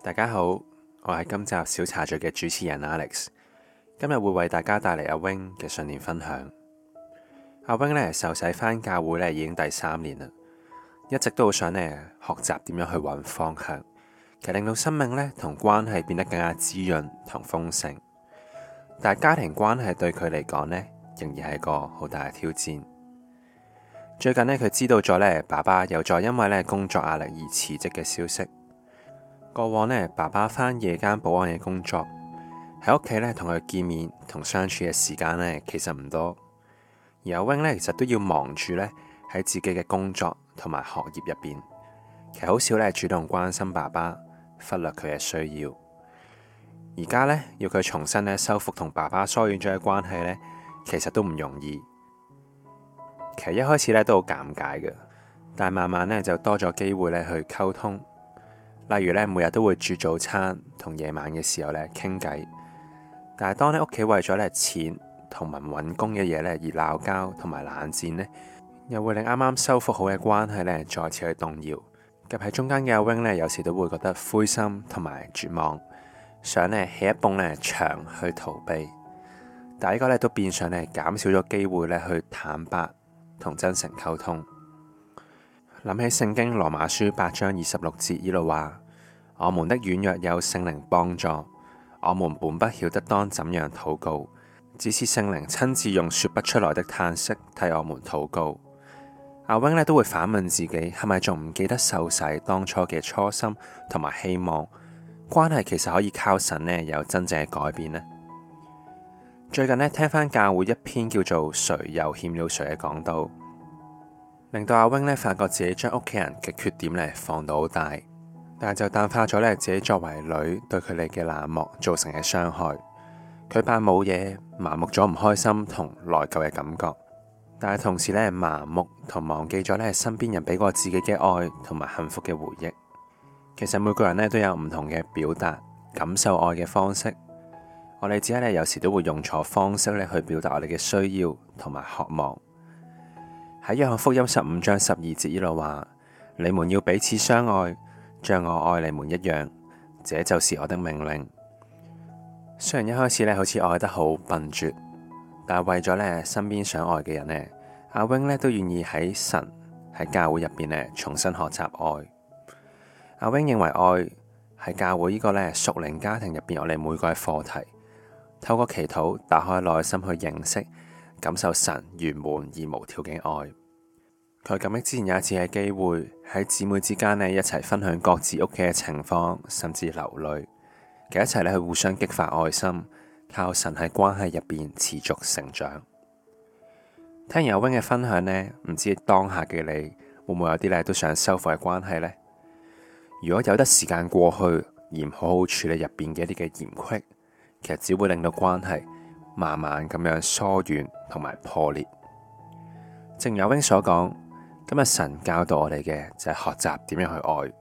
大家好，我係今集小茶座嘅主持人 Alex，今日會為大家帶嚟阿 Wing 嘅信念分享。阿 Wing 呢，受洗返教會呢已經第三年啦，一直都好想呢學習點樣去揾方向，其實令到生命呢同關係變得更加滋潤同豐盛。但係家庭關係對佢嚟講呢，仍然係一個好大嘅挑戰。最近呢，佢知道咗呢爸爸又再因為呢工作壓力而辭職嘅消息。過往呢，爸爸返夜間保安嘅工作，喺屋企呢，同佢見面同相處嘅時間呢，其實唔多。而阿 Wing 呢，其實都要忙住呢，喺自己嘅工作同埋學業入面，其實好少呢，主動關心爸爸，忽略佢嘅需要。而家呢，要佢重新呢，修復同爸爸疏遠咗嘅關係呢，其實都唔容易。其實一開始呢，都好尷尬嘅，但慢慢呢，就多咗機會呢，去溝通。例如咧，每日都會煮早餐同夜晚嘅時候咧傾偈。但係當你屋企為咗咧錢同埋揾工嘅嘢咧而鬧交同埋冷戰咧，又會令啱啱修復好嘅關係咧再次去動搖。夾喺中間嘅阿 Wing 咧，有時都會覺得灰心同埋絕望，想起一埲咧牆去逃避。但係呢個咧都變相咧減少咗機會咧去坦白同真誠溝通。諗起聖經羅馬書八章二十六節依度話：我們的軟弱有聖靈幫助，我們本不曉得當怎樣禱告，只是聖靈親自用說不出來的嘆息替我們禱告。阿 wing 呢都會反問自己：係咪仲唔記得受洗當初嘅初心同埋希望關係其實可以靠神呢有真正嘅改變呢？最近呢聽翻教會一篇叫做《誰又欠了誰》嘅講道，令到阿 Wing 咧，發覺自己將屋企人嘅缺點嚟放到好大，但係就淡化咗咧自己作為女對佢哋嘅冷漠造成嘅傷害。佢怕冇嘢麻木咗，唔開心同內疚嘅感覺，但係同時咧麻木同忘記咗咧身邊人俾過自己嘅愛同埋幸福嘅回憶。其實每個人咧都有唔同嘅表達感受愛嘅方式。我哋自己咧有時都會用錯方式咧去表達我哋嘅需要同埋渴望。喺約翰福音十五章十二節呢度話：，你們要彼此相愛，像我愛你們一樣，這就是我的命令。雖然一開始咧好似愛得好笨拙，但係為咗咧身邊想愛嘅人呢，阿 wing 咧都願意喺神喺教會入邊呢重新學習愛。阿 wing 認為愛係教會呢個呢屬靈家庭入邊我哋每個嘅課題，透過祈禱打開內心去認識。感受神圓滿而無條件愛，佢感激之前有一次嘅機會，喺姊妹之間呢一齊分享各自屋企嘅情況，甚至流淚，其實一齊去互相激發愛心，靠神喺關係入邊持續成長。聽完 Wing 嘅分享呢，唔知當下嘅你會唔會有啲咧都想修復嘅關係呢？如果有得時間過去，而唔好好處理入邊嘅一啲嘅嫌隙，其實只會令到關係，慢慢咁樣疏遠同埋破裂。正如 Wing 所講，今日神教導我哋嘅就係學習點樣去愛，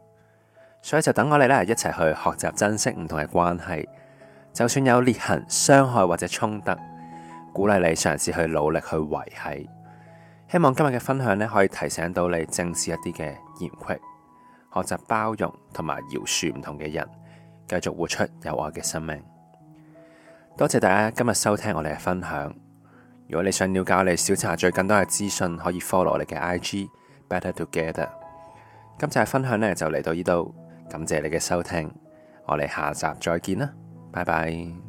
所以就等我哋咧一齊去學習珍惜唔同嘅關係。就算有裂痕、傷害或者衝突，鼓勵你嘗試去努力去維繫。希望今日嘅分享呢，可以提醒到你正視一啲嘅嫌隙，學習包容同埋饒恕唔同嘅人，繼續活出有愛嘅生命。多謝大家今日收聽我哋嘅分享。如果你想了解我哋小茶最更多嘅資訊，可以 follow 我哋嘅 IG Better Together。今集嘅分享呢就嚟到呢度，感謝你嘅收聽，我哋下集再見啦，拜拜。